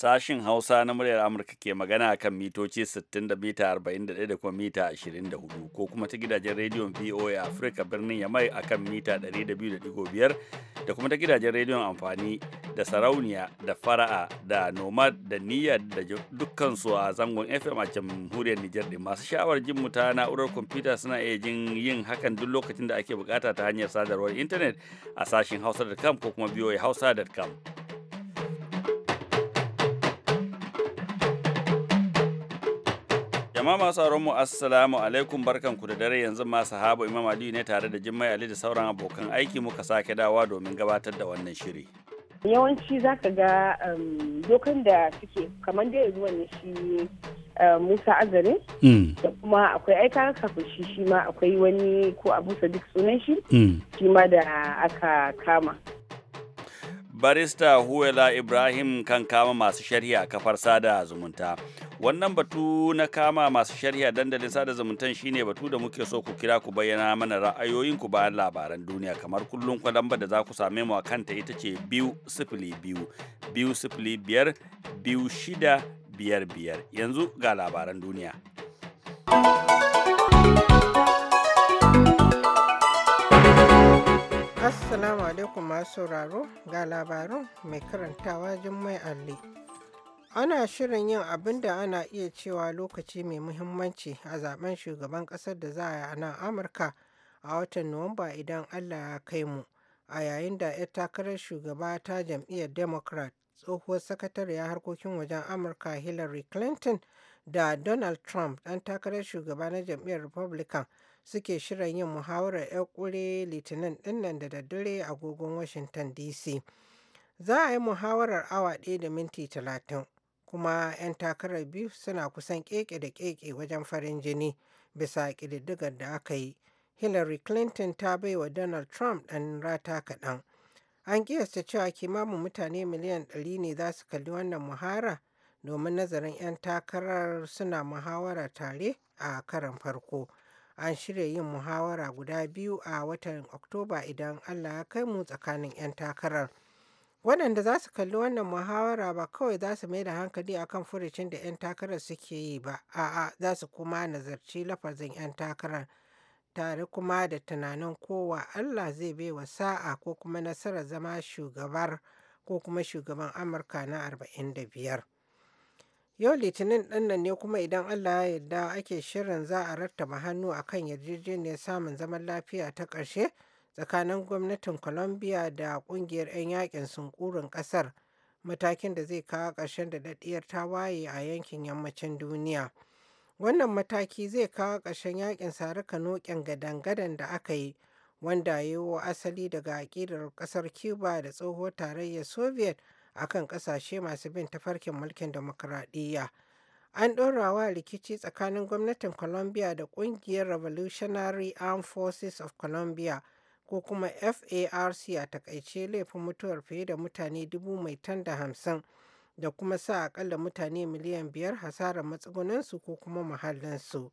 Sashin Hausa na muryar Amurka ke magana kan mitoci 60 da mita 41 da kuma mita 24 ko kuma ta gidajen rediyon VOA afirka birnin Yamai a kan mita 200.5 da kuma ta gidajen rediyon amfani da sarauniya da fara'a da nomad da niyya da dukkansu a zangon FM a jamhuriyar Nijar din masu sha'awar jin mu na'urar kwamfuta suna iya jin yin hakan duk lokacin da ake bukata ta hanyar sadarwar intanet a sashin hausa.com ko kuma voa Hausa.com. Jama'a masu sauran mu assalamu alaikum ku da dare yanzu ma sahabo Imam Aliyu ne tare da jimmai Ali da sauran abokan aiki muka sake dawa domin gabatar da wannan shiri. Yawanci za ka ga um, dokan da suke kamar da yanzu ne shi um, Musa Azare mm. da kuma akwai aika kafin shi shi ma akwai wani ko abu duk sunan shi mm. shi ma da aka kama. Barista Huwela Ibrahim kan kama masu sharhi a kafar sada zumunta. wannan batu na kama masu shari'a dandalin sada zumuntan shine batu da muke so ku kira ku bayyana mana ra'ayoyinku bayan labaran duniya kamar kullum kwalamba da za ku same mu a kanta ita ce biyu sifili biyu biyu sifili biyar biyu shida biyar biyar yanzu ga labaran duniya assalamu alaikum masu sauraro ga labarun mai karantawa jummai alli Ana shirin yin abin da ana iya cewa lokaci mai muhimmanci a zaben shugaban ƙasar da za a yi a nan Amurka a watan Nuwamba idan Allah ya kai mu, a yayin da 'yar takarar shugaba ta jam'iyyar Democrat tsohuwar sakatariya harkokin wajen Amurka Hillary Clinton da Donald Trump ɗan takarar shugaba na jam'iyyar Republican suke shirin yin muhawarar 'yar ƙure litinin Dinnan da daddare agogon Washington DC. Za a yi muhawarar awa ɗaya da minti talatin. kuma 'yan takarar biyu suna kusan keke da keke wajen farin jini bisa ƙididdigar da aka yi hillary clinton ta baiwa donald trump ɗan rata kaɗan an kiyasta cewa kimamin mutane miliyan 100 ne za su kalli wannan muhara domin nazarin 'yan takarar suna muhawara tare a karan farko an shirya yin muhawara guda biyu a watan oktoba idan allah ya kai mu tsakanin 'yan takarar waɗanda za su kalli wannan muhawara ba kawai za su mai da hankali akan furucin da 'yan takarar suke yi ba a'a za su kuma nazarci lafazin 'yan takarar tare kuma da tunanin kowa allah zai bai wa sa'a ko kuma nasarar zama shugabar ko kuma shugaban amurka na 45 yau litinin ɗannan ne kuma idan allah ya yarda ake shirin za a rattaba hannu akan yarjejeniyar samun zaman lafiya ta ƙarshe tsakanin gwamnatin Colombia da kungiyar 'yan yakin sunkurin kasar matakin da zai kawo ƙarshen daɗaɗɗiyar tawaye a yankin yammacin duniya. Wannan mataki zai kawo ƙarshen yakin saruka noƙen gadan-gadan da aka yi wanda ya yi asali daga aƙidar ƙasar Cuba da tsohuwar tarayyar Soviet a kan ƙasashe masu bin tafarkin mulkin demokuraɗiyya. An ɗorawa a rikici tsakanin gwamnatin Colombia da ƙungiyar Revolutionary Armed Forces of Colombia ko kuma farc a takaice laifin mutuwar fiye da mutane dubu mai tan da hamsin da kuma sa akalla mutane miliyan biyar hasarar matsugunansu ko kuma muhallinsu.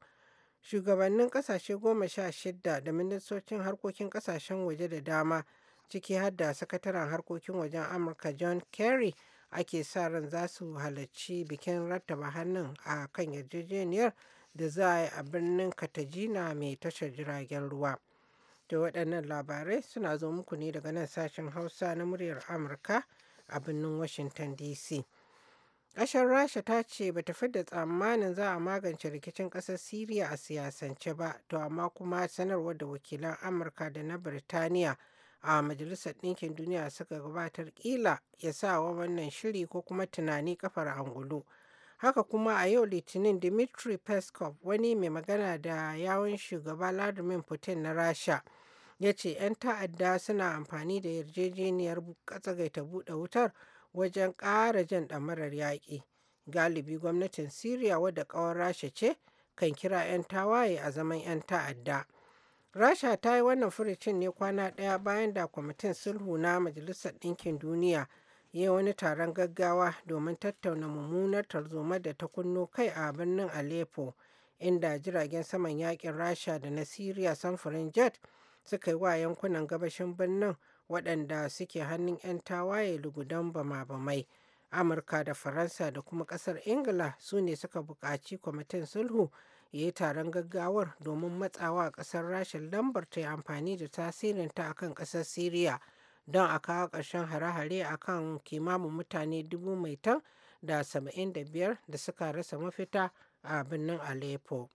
shugabannin kasashe goma sha shidda da ministocin harkokin kasashen waje da dama ciki har da sakataren harkokin wajen amurka john kerry ake sa ran za su halarci bikin rattaba hannun a kan yarjejeniyar da za a yi a birnin katajina mai tashar jiragen ruwa Da waɗannan labarai suna zo muku ne daga nan sashen Hausa na muryar Amurka a birnin Washington DC. Ƙasar Rasha ta ce ba ta fidda tsammanin za a magance rikicin ƙasar Siriya a siyasance ba, to amma kuma sanarwar da wakilan Amurka da na Birtaniya a Majalisar Ɗinkin Duniya suka gabatar ƙila ya sa wa wannan shiri ko kuma tunani kafar angulu. Haka kuma a yau Litinin Dmitry Peskov wani mai magana da yawon shugaba Vladimir Putin na Rasha ya ce 'yan ta'adda suna amfani da yarjejeniyar ta buɗe wutar wajen ƙara jan ɗamarar yaƙi galibi gwamnatin syria wadda ƙawar rasha ce kan kira 'yan tawaye a zaman 'yan ta'adda rasha ta yi wannan furucin ne kwana ɗaya bayan da kwamitin sulhu na majalisar ɗinkin duniya ya yi wani taron gaggawa domin tattauna mummunar tarzoma da ta kunno kai a birnin aleppo inda jiragen saman yakin rasha da na syria samfurin jet suka yi wa yankunan gabashin birnin waɗanda suke hannun 'yan tawaye lugudan bama-bamai amurka da faransa da kuma ƙasar ingila su ne suka buƙaci kwamitin sulhu ya yi taron gaggawar domin matsawa ƙasar rashin lambar ta yi amfani da tasirinta a kan ƙasar siriya don a kawo ƙarshen hare-hare a kan kimamin mutane dubu mai tan da saba'in da biyar da suka rasa mafita a birnin aleppo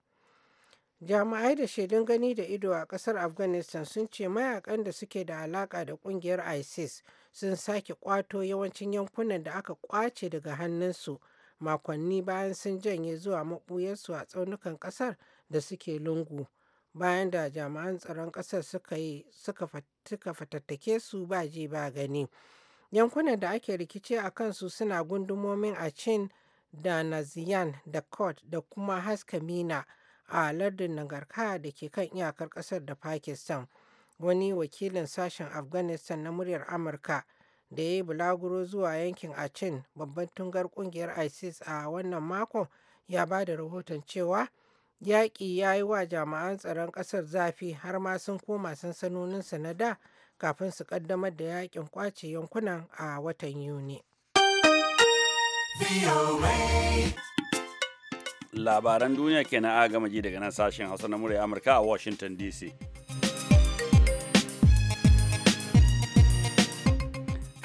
jami'ai da shaidun gani da ido a kasar afghanistan sun ce mayakan da suke da alaka da kungiyar isis sun sake kwato yawancin yankunan da aka kwace daga hannunsu makonni bayan sun janye zuwa maɓuyarsu a tsaunukan kasar da suke lungu bayan da jami'an tsaron kasar suka fatattake su ba ji ba gani yankunan da ake rikice a kansu suna gundumomin a achin da naziyan da kot da kuma haskamina mina a lardin Nagarka da ke kan iyakar ƙasar da Pakistan. Wani wakilin sashen Afghanistan na muryar Amurka da ya yi bulaguro zuwa yankin Achin babban tungar kungiyar ISIS a wannan makon ya ba da rahoton cewa yaƙi ya yi wa jama'an tsaron ƙasar zafi har ma sun koma sansanoninsa na da kafin su ƙaddamar da yaƙin kwace yankunan a watan Yuni. labaran duniya kenan na gama ji daga nan sashen hausa na murya amurka a washington dc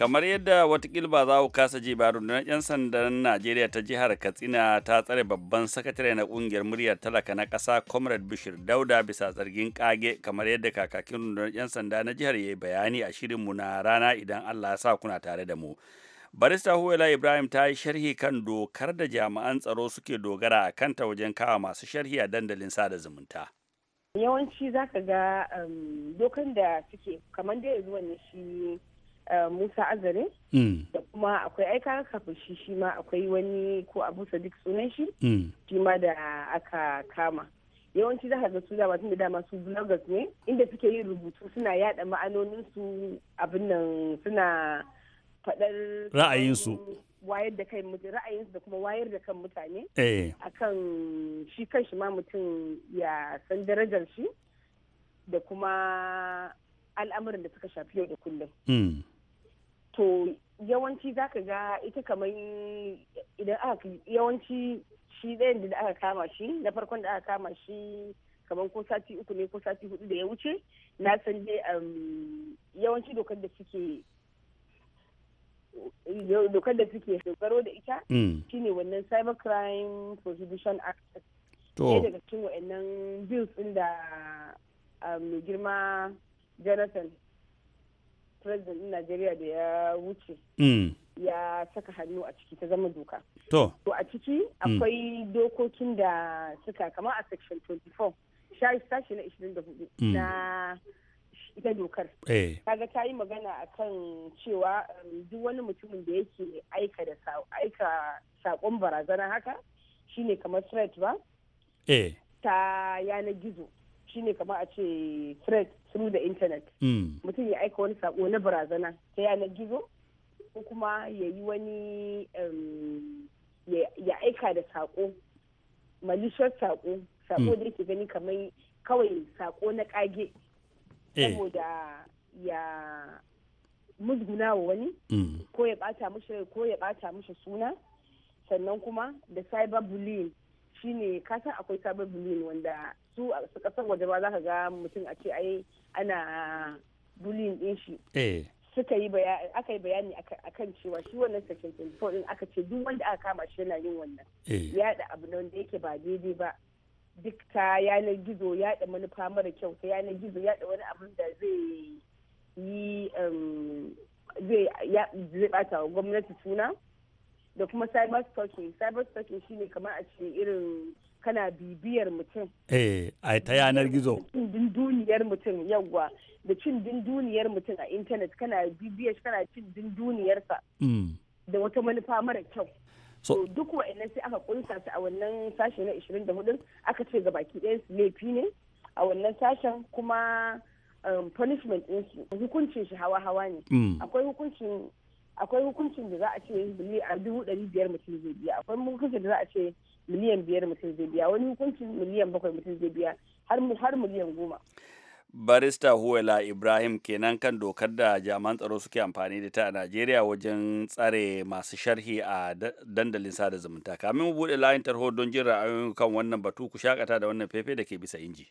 kamar yadda watakila ba za ku kasa ji ba rundunar 'yan sandan najeriya ta jihar katsina ta tsare babban sakatare na kungiyar muryar talaka na ƙasa comrade bishir dauda bisa zargin kage kamar yadda kakakin rundunar 'yan sanda na jihar ya yi bayani a shirinmu na rana idan allah ya sa kuna tare da mu barista huwela ibrahim ta yi sharhi kan dokar da jami'an tsaro suke dogara a kanta wajen kawo masu sharhi a dandalin sada zumunta yawanci za ka ga um, dokan da suke kamar da zuwa ne shi um, musa azare mm. da kuma akwai aika kafin shi shi ma akwai wani ko abu sadiq sunan shi mm. shi ma da aka kama yawanci za ka ga su dama tun da dama su bloggers ne inda suke yin rubutu suna yada ma'anonin su abin nan suna faɗar ra'ayinsu wayar da kai ra'ayinsu da kuma wayar da kan mutane eh. akan shi kan shi ma mutum ya san darajar shi da kuma al'amuran da suka shafi yau da kullum hmm. to yawanci za ka ga ita kamar idan aka yawanci shi ɗayan da aka kama shi na farkon da aka kama shi kamar ko sati uku ne ko sati hudu da ya wuce na san um, yawanci dokar da suke dokar da suke dogaro da ita mm. shine wannan cyber crime prohibition act ɗaya daga cikin wa'annan bills ɗin da um, mai girma jonathan president din nigeria da ya wuce mm. ya saka hannu a ciki ta zama doka to a ciki mm. akwai dokokin da suka kama a section 24 sashi na 24 na ita dokar eh. kaga ta yi magana a kan cewa um, duk wani mutumin da yake aika da aika saƙon barazana haka shine kamar threat ba eh. ta yanar gizo shine kamar a ce threat through the internet hmm. mutum ya aika wani saƙo na barazana ta yanar gizo ko kuma ya yi wani um, ya aika da saƙo malicious saƙo. saƙo hmm. da yake gani kamar kawai saƙo na ƙage Eh. saboda ya musguna wa wani mm. ko ya bata mishi ko ya bata mishi suna sannan kuma da cyber bullying shine kasan akwai cyber bullying wanda su a kasar waje ba za ka ga mutum a ce ai ana bullying din shi eh. suka yi bayani aka yi bayani akan cewa shi wannan section 24 din aka ce duk wanda aka kama shi yana yin wannan eh. ya da abu da wanda yake ba daidai ba duk ta yanar gizo yaɗa manufa mara kyau ta yanar gizo yaɗa wani abin da zai yi um, zai bata wa gwamnati suna da kuma cyber stalking cyber stalking shine kamar a ce irin kana bibiyar mutum eh a ta yanar gizo cin dinduniyar mutum yawwa da cin dinduniyar mutum a intanet kana bibiyar kana cin dinduniyarsa mm. da wata manufa mara kyau so duk wa'annan sai aka kunsa su a wannan sashe na 24 aka ce ga baki ɗaya su laifi ne a wannan sashen kuma um, punishment su hukuncin shi hawa-hawa ne mm. akwai hukuncin akwai hukuncin da za a ce dubu ɗari biyar mutum zai biya akwai hukuncin da za a ce miliyan biyar mutum zai biya wani hukuncin miliyan bakwai mutum zai biya har miliyan goma barista huwela ibrahim kenan kan dokar da jaman tsaro suke amfani da ta a najeriya wajen tsare masu sharhi a dandalin sada zumunta kamin mu buɗe layin tarho don jin ra'ayoyin kan wannan batu ku shakata da wannan fefe da ke bisa inji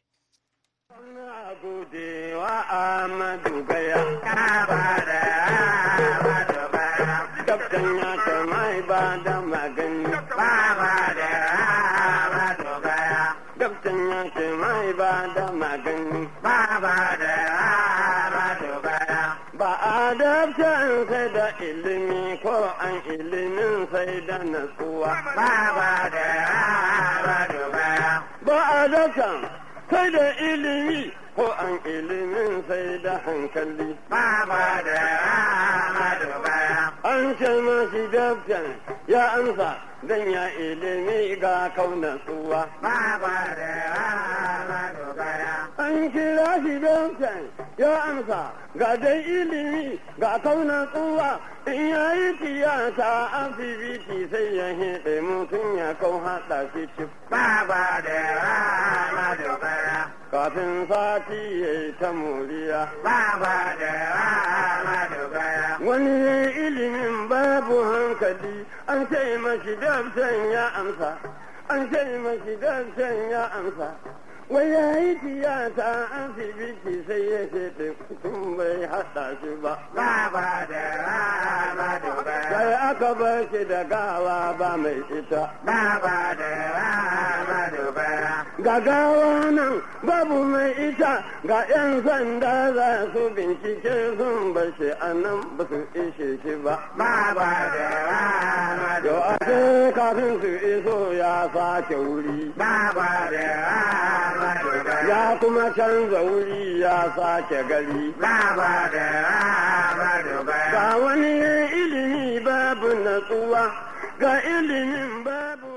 natsuwa ba da ba baya ba a dakan sai da ilimi ko an ilimin sai da hankali ba ba da ba baya an ce mashi daftan ya amsa dan ya ilimi ga kauna tsuwa ba ba da ba baya an kira shi daftan ya amsa ga dai ilimi ga kaunar tsuwa in ya yi tiyata asibiti sai ya hiɗe mutum ya kau haɗa shi ci baba da rana dogara kafin sati ya yi ta muriya baba da rana dogara wani ya yi ilimin babu hankali an ce mashi dabtan ya amsa an ce mashi dabtan ya amsa wai ya yi tiyata an fi biki sai ya ce ɗin bai haɗa shi ba. Baba da rama duba. Sai aka bar shi da gawa ba mai ita. Baba da rama duba. ga gawa nan babu mai ita ga 'yan sanda za su bincike sun bashi a nan ba su ishe shi ba. Ba ba da rana da kafin su iso ya sake wuri. Ba ba da rana ya kuma canza wuri ya sake gari. Ba ba da rana ba wani ilimi babu natsuwa ga ilimin babu.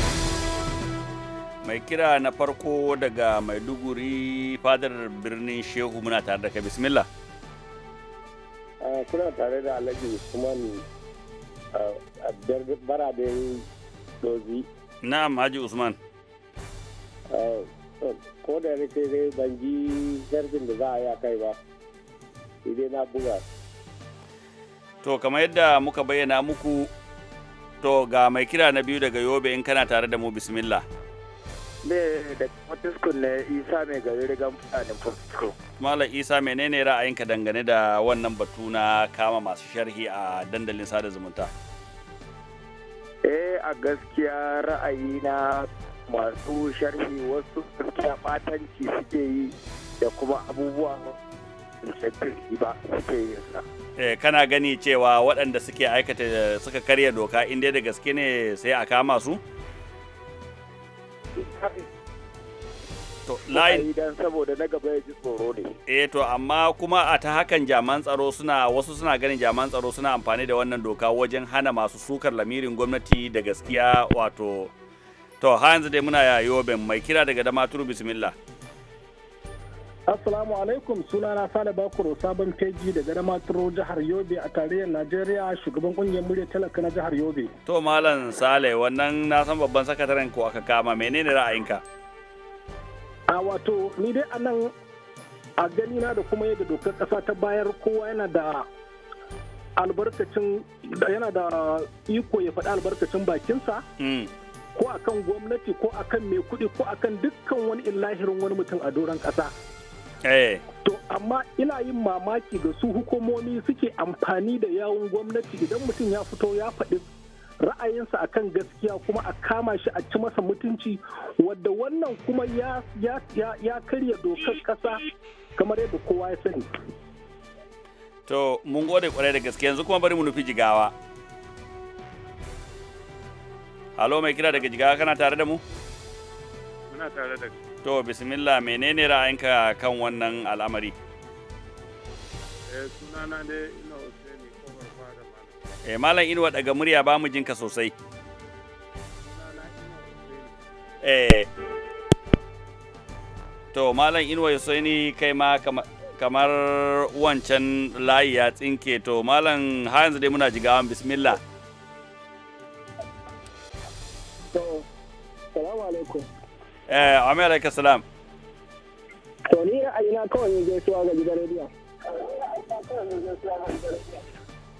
mai kira na farko daga maiduguri fadar birnin shehu muna tare da kai bismillah ah, kuna tare da alhaji usman ah, a barabin dozi na'am haji usman ah, ko da rike dai ban ji zargin da za a yi kai ba idai na buga to kamar yadda muka bayyana muku to ga mai kira na biyu daga yobe in kana tare da mu bismillah ne da Fortisco ne Isa mai gari rigan fulani Fortisco. Malam Isa menene ra'ayinka dangane da wannan batu na kama masu sharhi a dandalin sada zumunta? Eh a gaskiya ra'ayi na masu sharhi wasu gaskiya batanci suke yi da kuma abubuwa ba suke yi sa. Eh, kana gani cewa waɗanda suke aikata suka karya doka inda da gaske ne sai a kama su? to dan saboda na gaba ya tsoro ne eh to amma kuma a ta hakan jaman tsaro suna wasu suna ganin jaman tsaro suna amfani da wannan doka wajen hana masu sukar lamirin gwamnati da gaskiya wato to har yanzu dai muna yayo ben mai kira daga damaturu bismillah Assalamu alaikum sunana Sale Bakuro sabon feji da garama turo jihar Yobe a tarayyar Najeriya shugaban kungiyar murya talaka na jihar Yobe. To Malam Sale wannan na san babban sakataren ko aka kama menene ra'ayinka? A wato ni dai anan a gani na da kuma yadda dokar kasa ta bayar kowa yana da albarkacin yana da iko ya faɗi albarkacin bakinsa. Mm. Ko akan gwamnati ko akan mai kuɗi ko akan dukkan wani illahirin wani mutum a doron ƙasa. Eh. To amma ina yin mamaki da su hukumomi suke amfani da yawun gwamnati idan mutum ya fito ya faɗi ra'ayinsa akan gaskiya kuma a kama shi a ci masa mutunci wadda wannan kuma ya karya dokar ƙasa kamar yadda kowa ya sani. To mun gode kwarai da gaske yanzu kuma bari mu nufi jigawa. Halo mai kira daga jigawa kana tare da mu? ina tare da ku. to bismillah menene ra'ayinka kan wannan al'amari eh, sunana ne ina Hussaini kofar fada malam eh, malam inuwa daga murya ba mu jinka sosai Sunana ina Hussaini. Eh. to malam inuwa Hussaini kai ma kamar wancan layi ya tsinke to malam har yanzu dai muna jigawan bismillah eh america salam to ni ra'ayina kawai yin gaisuwa ga gidan rediyon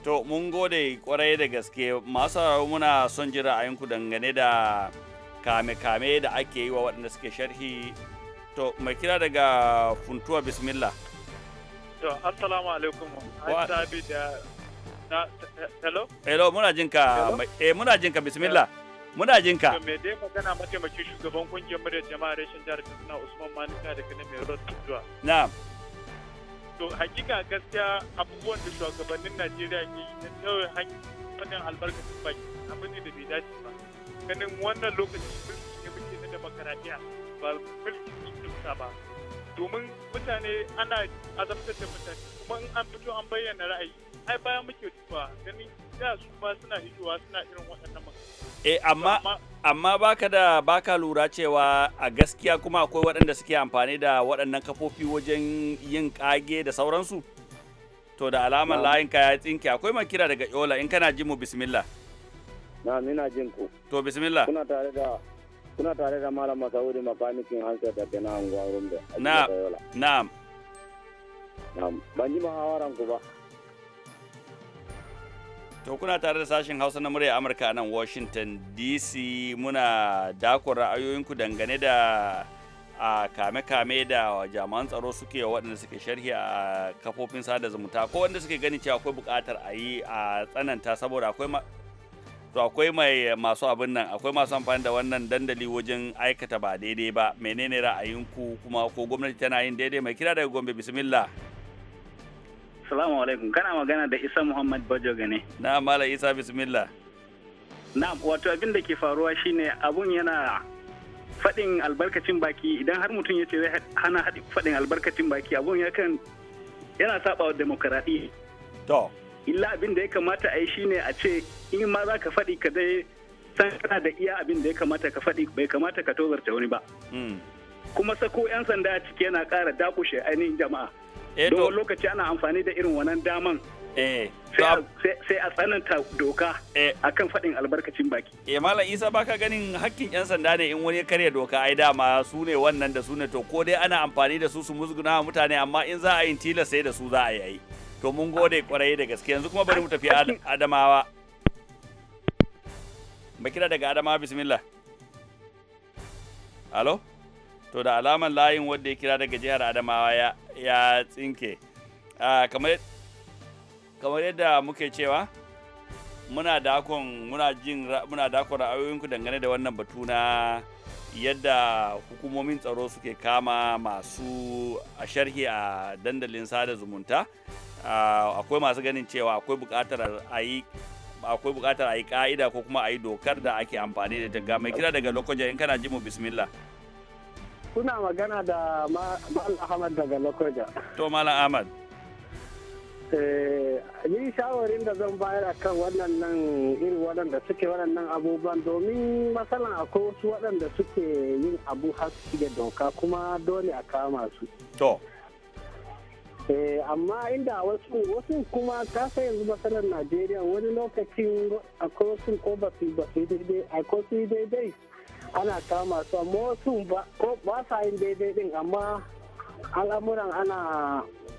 to mun gode kwarai da gaske masu muna son a ra'ayinku dangane da kame-kame da ake yi wa waɗanda suke sharhi to mai kira daga funtuwa bismillah to assalamu alaikum an da eh, hello hello muna jinka eh muna jinka bismillah Muna jin ka. Me dai magana mataimakin shugaban kungiyar murya jama'a rashin jihar Katsina Usman Manika daga nan mai Road Na'am. To hakika gaskiya abubuwan da shugabannin Najeriya ke yi na tsawon hanyar fannin albarkacin baki abin ne da bai dace ba. Ganin wannan lokaci mulki ne muke na demokaradiyya ba mulki ne ba. Domin mutane ana azabtar da mutane kuma in an fito an bayyana ra'ayi ai bayan muke tuwa ganin suna suna irin Eh amma amma baka da baka lura cewa a gaskiya kuma akwai waɗanda suke amfani da waɗannan kafofi wajen yin kage da sauransu to da alamar layin ka ya tsinke akwai mai kira daga yola in kana jin mu bismillah na ina jin ku to bismillah kuna tare da kuna tare da malam masaudi makanikin hansa da kana anguwa rumbe na'am na'am na'am ban ji muhawaran ku ba To kuna tare da sashen Hausa na murya Amurka nan Washington DC muna dakon ra'ayoyinku dangane da a kame-kame da jami'an tsaro suke waɗanda suke sharhi a kafofin sada zumunta ko wanda suke gani cewa akwai buƙatar a yi a tsananta saboda akwai to akwai mai masu abin nan akwai masu amfani da wannan dandali wajen aikata ba daidai ba menene ra'ayinku kuma ko gwamnati tana yin daidai mai kira daga gombe bismillah Assalamu alaikum. Kana magana da Isa Muhammad Bajoga ne. Na Mala Isa bismillah. Na wato abin da ke faruwa shine abun yana faɗin albarkacin baki idan har mutum ya ce zai hana faɗin albarkacin baki abun ya kan yana saba wa demokaraɗi To. Illa abin da ya kamata a yi shine a ce in ma za ka faɗi ka dai san kana da iya abin da ya kamata ka faɗi bai kamata ka tozarta wani ba. Hmm. Kuma sako 'yan sanda a ciki yana ƙara dakushe ainihin jama'a. Eh, don lokaci ana amfani da irin wannan daman eh, sai a tsananta doka eh. a kan faɗin albarkacin baki. E Malam Isa baka ganin hakkin 'yan sanda ne in wani ya karya doka ai dama su ne wannan da su ne to ko dai ana amfani da su su musguna mutane amma in za a yi tilas sai da su za a yi. To mun gode kwarai da gaske yanzu kuma bari mu tafi Adamawa. kira daga Adamawa bismillah. Alo? To da alaman layin wanda ya kira daga jihar Adamawa ya ya tsinke ah, kamar yadda muke cewa muna dakon muna jin muna dakon ra'ayoyinku dangane da wannan batu na yadda hukumomin tsaro suke kama masu a sharhi a dandalin sada zumunta ah, akwai masu ganin cewa akwai bukatar a yi akwai bukatar a yi ka'ida ko kuma a yi dokar da ake amfani da ta ga mai kira daga lokacin in kana ji mu bismillah kuna magana da Mal Ahmad daga Lokoja. To Mala Ahmad. Ni eh, shawarin da zan bayar a kan waɗannan iri waɗanda suke waɗannan abubuwan domin matsalan akwai wasu waɗanda suke yin abu har ke doka kuma dole a kama su. To. Eh, amma inda wasu wasu kuma kasa yanzu matsalan Najeriya wani lokacin akwai wasu ko ba su daidai akwai su daidai ana kama su amma wasu ba sa yin daidai din amma al'amuran ana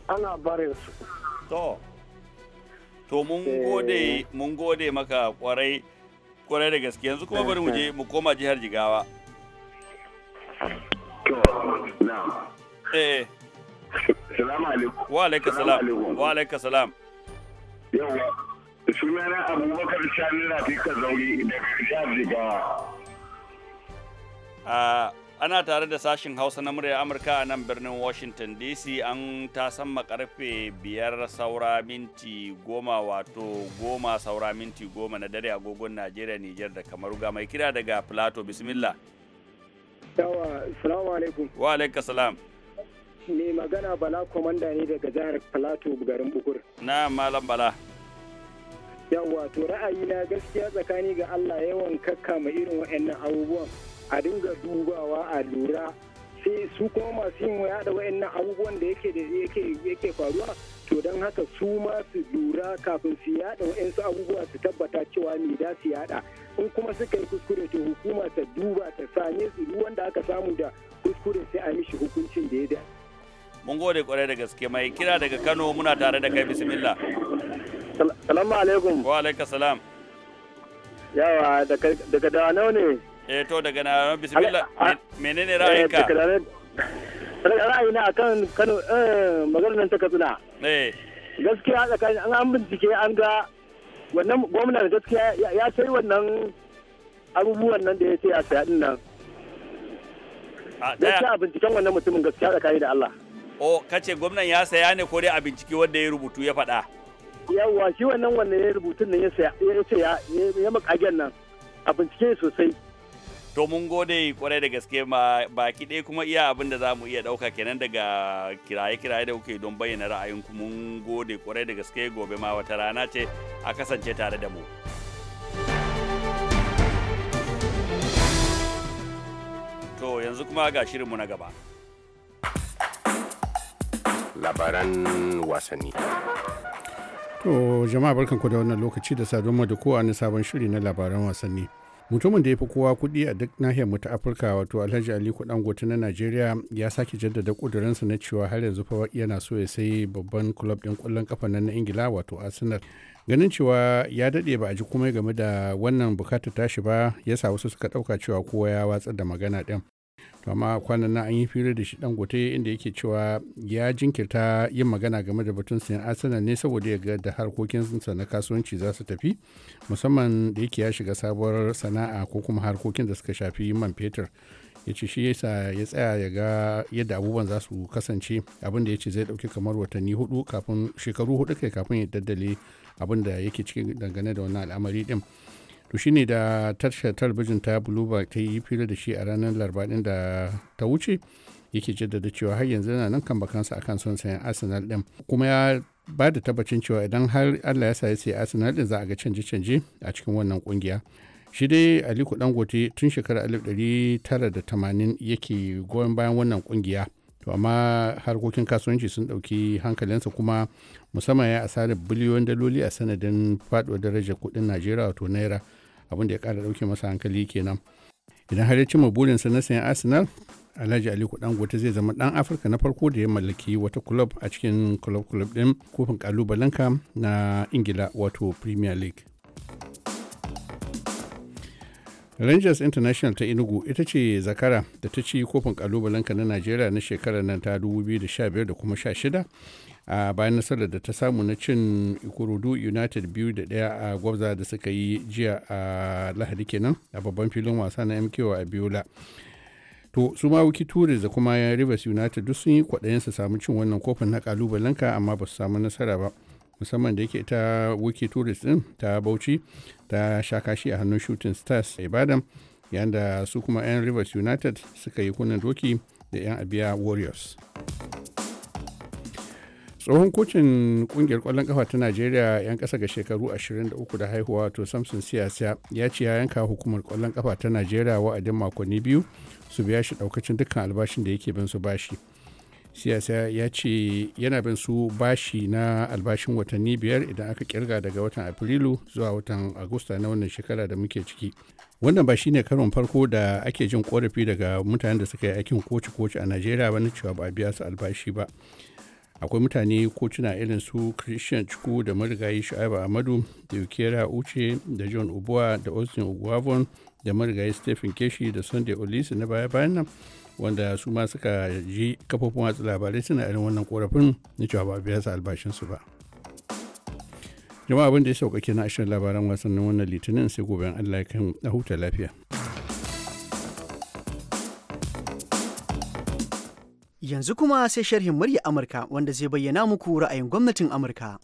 ana barin su to to mun eh. gode mun gode maka kwarai kwarai da gaske yanzu kuma bari mu je mu koma jihar jigawa eh salamu alaikum wa alaikum salam wa alaikum salam yawa sunana abubakar shamila fi ka zauri daga jihar jigawa ana tare da sashin hausa na murya amurka a nan birnin washington dc an sama karfe biyar saura minti goma wato goma saura minti goma na dare agogon najeriya nijar da kamaru ga mai kira daga plato bismillah yawa salamu alaikum wa alaika salam mai magana bala komanda ne daga jihar plato garin bukur na malam bala yawa to ra'ayi na gaskiya tsakani ga allah yawan mai irin waɗannan abubuwan a dinga dubawa a lura sai su kuma masu yin yada wayannan abubuwan da yake yake faruwa to don haka su ma su lura kafin su yada wayansu abubuwa su tabbata cewa me da su yada in kuma suka yi kuskure to hukuma ta duba ta same su duk wanda aka samu da kuskure sai a mishi hukuncin da ya da mun gode kwarai da gaske mai kira daga Kano muna tare da kai bismillah salamu alaikum wa alaikum salam yawa daga dawa nawa ne eh to daga na bismillah menene ra'ayinka eh, ra'ayina akan Kano eh, maganar nan ta Katsina eh gaskiya tsakanin an an bincike an ga wannan gwamnati gaskiya ya sai wannan abubuwan nan da ya ce a saya din nan gaskiya a binciken wannan mutumin gaskiya tsakani da Allah o kace gwamnan ya saya ne ko dai a bincike wanda ya rubutu ya faɗa yawwa shi wannan wannan ya rubutun nan ya saya ya makagen nan a bincike sosai to mun gode kwarai da gaske ma baki ɗaya kuma iya abin da za mu iya ɗauka kenan daga kiraye-kiraye da kuke don bayyana ra'ayinku mun gode kwarai da gaske gobe ma wata rana ce a kasance tare da mu. To yanzu kuma ga shirinmu na gaba. Labaran wasanni. To jama'a barkanku da wannan lokaci da saduwa da kowa na sabon shiri na labaran wasanni. mutumin da ya fi kowa kuɗi a duk nahiyar mu ta afirka wato alhaji aliko dangote na nigeria ya sake jaddada ƙudurinsa na cewa har yanzu fa yana so ya sayi babban kulob ɗin ƙwallon kafa nan na ingila wato arsenal ganin cewa ya daɗe ba a ji komai game da wannan bukatar tashi ba yasa wasu suka ɗauka cewa kowa ya watsar da magana ɗin to amma kwanan nan an yi fira da shi dan gote inda yake cewa ya jinkirta yin magana game da batun sayan arsenal ne saboda ya ga da sa na kasuwanci za su tafi musamman da yake ya shiga sabuwar sana'a ko kuma harkokin da suka shafi man fetur ya ce shi yasa ya tsaya ya ga yadda abubuwan za su kasance abin da ya ce zai dauki kamar watanni hudu kafin shekaru hudu kai kafin ya daddale abin da yake cikin dangane da wannan al'amari din to shine da tashar talabijin ta buluba ta yi fira da shi a ranar laraba din da ta wuce yake jaddada cewa har yanzu yana nan kan bakansa akan son sayan arsenal din kuma ya ba da tabbacin cewa idan har allah ya sayi ya arsenal din za a ga canje-canje a cikin wannan kungiya shi dai aliko dangote tun shekarar 1980 yake goyon bayan wannan kungiya to amma harkokin kasuwanci sun dauki hankalinsa kuma musamman ya asarar biliyon daloli a sanadin faduwar darajar kuɗin najeriya wato naira abin da ya kara dauke masa hankali kenan idan har ya cimma burinsa na sayan arsenal alhaji aliko ta zai zama dan afirka na farko da ya mallaki wata club a cikin club club din kofin kalubalenka na ingila wato premier league rangers international ta inugu ita ce zakara da ta ci kofin kalubalenka na nigeria na shekarar nan ta 2015 da kuma 16 a bayan nasarar da ta samu na cin ikurudu united biyu da daya a gwabza da suka yi jiya a lahadi kenan a babban filin wasa na mko a biola to su ma wiki da kuma rivers united duk sun yi kwaɗayin su samu cin wannan kofin na kalubalenka amma ba su samu nasara ba musamman da yake ta wiki tourist din ta bauchi ta sha kashi a hannun shooting stars a ibadan yayin da su kuma 'yan rivers united suka yi kunan doki da 'yan abiya warriors tsohon kocin kungiyar kwallon kafa ta najeriya yan kasa ga shekaru 23 da haihuwa to samson siyasa ya ce ya yanka hukumar kwallon kafa ta najeriya wa'adin makonni biyu su biya shi daukacin dukkan albashin da yake bin su bashi siyasa ya ce yana bin su bashi na albashin watanni biyar idan aka kirga daga watan afrilu zuwa watan agusta na wannan shekara da muke ciki wannan ba shine karon farko da ake jin korafi daga mutanen da suka yi aikin koci-koci a najeriya ba cewa ba biya su albashi ba akwai mutane ko tuna irin su christian chukwu da marigayi shu'aibu amadu da yukera uche da john ubuwa da austin ugwavon da marigayi stephen keshi da sunday olisi na baya bayan nan wanda su ma suka ji kafofin watsa labarai suna irin wannan korafin na cewa ba biya su albashinsu ba jama'a abin ya sauka na ashirin labaran wasannin wannan litinin sai gobe allah ya kai a huta lafiya. Yanzu kuma sai sharhin murya Amurka wanda zai bayyana muku ra'ayin gwamnatin Amurka.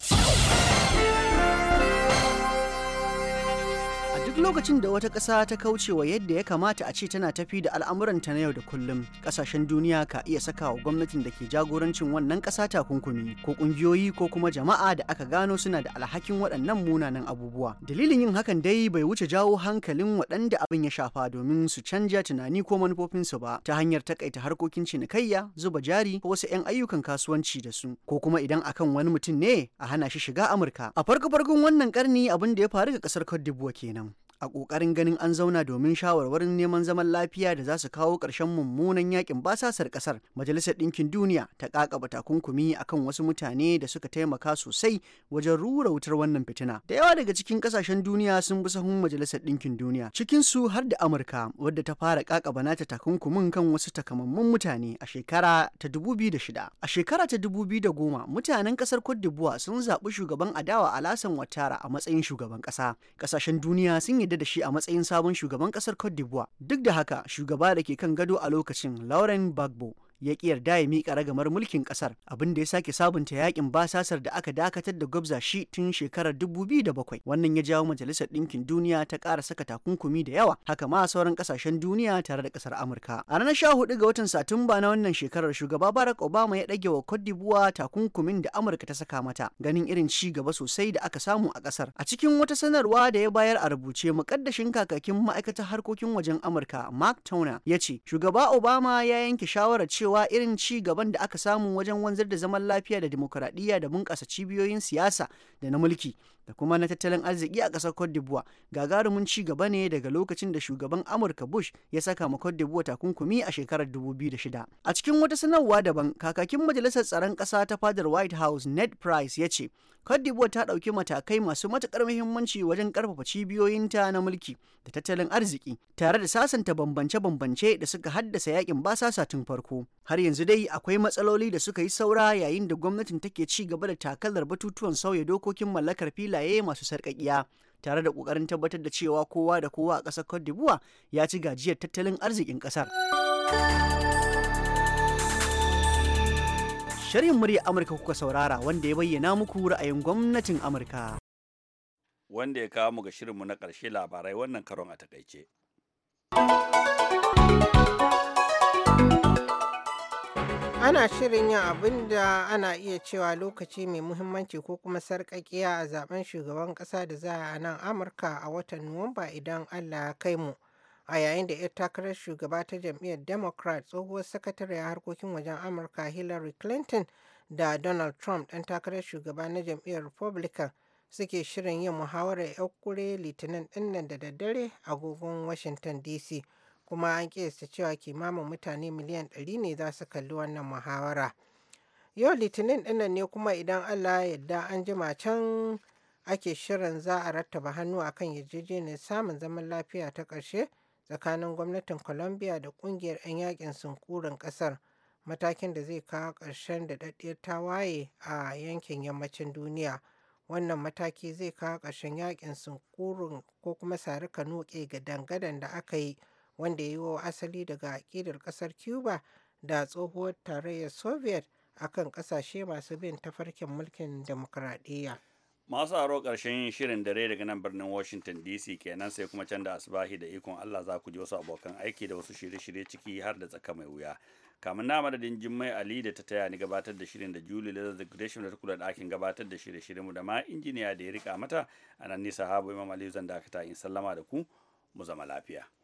lokacin da wata ƙasa ta kauce wa yadda ya kamata a ce tana tafi da al'amuranta na yau da kullum ƙasashen duniya ka iya saka wa gwamnatin da ke jagorancin wannan ƙasa takunkumi ko ƙungiyoyi ko kuma jama'a da aka gano suna da alhakin waɗannan munanan abubuwa dalilin yin hakan dai bai wuce jawo hankalin waɗanda abin ya shafa domin su canja tunani ko manufofinsu ba ta hanyar takaita harkokin cinikayya zuba jari ko wasu 'yan ayyukan kasuwanci da su ko kuma idan akan wani mutum ne a hana shi shiga amurka a farko farkon wannan karni abin da ya faru ga ƙasar cote kenan a ƙoƙarin ganin an zauna domin shawarwarin neman zaman lafiya da za su kawo ƙarshen mummunan yakin basasar ƙasar majalisar ɗinkin duniya ta ƙaƙaba takunkumi akan wasu mutane da suka taimaka sosai wajen rura wutar wannan fitina da yawa daga cikin ƙasashen duniya sun bi sahun majalisar ɗinkin duniya cikin su har da amurka wadda ta fara ƙaƙaba nata takunkumin kan wasu takamaiman mutane a shekara ta 2006 a shekara ta 2010 mutanen ƙasar Cote sun zaɓi shugaban adawa alasan watara a matsayin shugaban ƙasa ƙasashen duniya sun yi yadda da shi a matsayin sabon shugaban kasar Cote d'Ivoire. Duk da haka, shugaba da ke kan gado a lokacin Lauren bagbo. ya ƙi yarda ya miƙa ragamar mulkin ƙasar abin da ya sake sabunta yaƙin basasar da aka dakatar da gwabza shi tun shekarar da bakwai. wannan ya jawo majalisar ɗinkin duniya ta ƙara saka takunkumi da yawa haka ma sauran ƙasashen duniya tare da ƙasar amurka a ranar sha hudu ga watan satumba na wannan shekarar shugaba barack obama ya ɗage wa cote takunkumin da amurka ta saka mata ganin irin ci gaba sosai da aka samu a ƙasar a cikin wata sanarwa da ya bayar a rubuce muƙaddashin kakakin ma'aikatar harkokin wajen amurka mark towner ya ce shugaba obama ya yanke shawarar cewa cewa irin ci gaban da aka samu wajen wanzar da zaman lafiya da dimokuraɗiyya da bunƙasa cibiyoyin siyasa da na mulki da kuma na tattalin arziki a ƙasar Cote d'Ivoire gagarumin ci gaba ne daga lokacin da shugaban Amurka Bush ya saka ma Cote d'Ivoire takunkumi a shekarar 2006. A cikin wata sanarwa daban kakakin majalisar tsaron ƙasa ta fadar White House Ned Price ya ce Cote d'Ivoire ta ɗauki matakai masu matuƙar muhimmanci wajen ƙarfafa cibiyoyinta na mulki da tattalin arziki tare da sasanta bambance-bambance da suka haddasa yakin basasa tun farko. Har yanzu dai akwai matsaloli da suka yi saura yayin da gwamnatin take ci gaba da takalar batutuwan sauya dokokin mallakar fila halaye masu sarƙaƙiya tare da ƙoƙarin tabbatar da cewa kowa da kowa a ƙasar Cote d'Ivoire ya ci gajiyar tattalin arzikin ƙasar. Shirin murya Amurka kuka saurara wanda ya bayyana muku ra'ayin gwamnatin Amurka. Wanda ya kawo mu ga shirinmu na ƙarshe labarai wannan karon a takaice. ana shirin yin abin da ana iya cewa lokaci mai muhimmanci ko kuma sarƙaƙiya a zaben shugaban ƙasa da za a nan amurka a watan nuwamba idan allah ya kai mu a yayin da 'yar takarar shugaba ta jam'iyyar democrat tsohuwar sakatare harkokin wajen amurka hillary clinton da donald trump ɗan takarar shugaba na jam'iyyar republican suke shirin yin muhawarar 'yan kure litinin ɗinnan da daddare a agogon washington dc kuma an kiyasta cewa kimamin mutane miliyan 100 ne za su kalli wannan muhawara. Yau Litinin dinnan ne kuma idan Allah ya yarda an jima can ake shirin za a rattaba hannu a kan yarjejeniyar samun zaman lafiya ta ƙarshe tsakanin gwamnatin Colombia da ƙungiyar 'yan yakin sunkurin ƙasar matakin da zai kawo ƙarshen da daɗaɗɗiyar tawaye a yankin yammacin duniya. Wannan mataki zai kawo ƙarshen yakin sunkurin ko kuma sarika nuke ga dangadan da aka yi wanda ya yi wa asali daga aƙidar kasar cuba da tsohuwar tarayyar soviet akan ƙasashe masu bin tafarkin mulkin demokuraɗiyya. masu aro ƙarshen shirin dare daga nan birnin washington dc kenan sai kuma canza da asibahi da ikon allah za ku ji wasu abokan aiki da wasu shirye-shirye ciki har da tsaka mai wuya kamun na madadin jimmai ali da ta taya ni gabatar da shirin da julie da gresham da ta kula ɗakin gabatar da shirye-shirye mu da ma injiniya da ya rika mata a nan nisa habu imam aliyu zan dakata in sallama da ku mu zama lafiya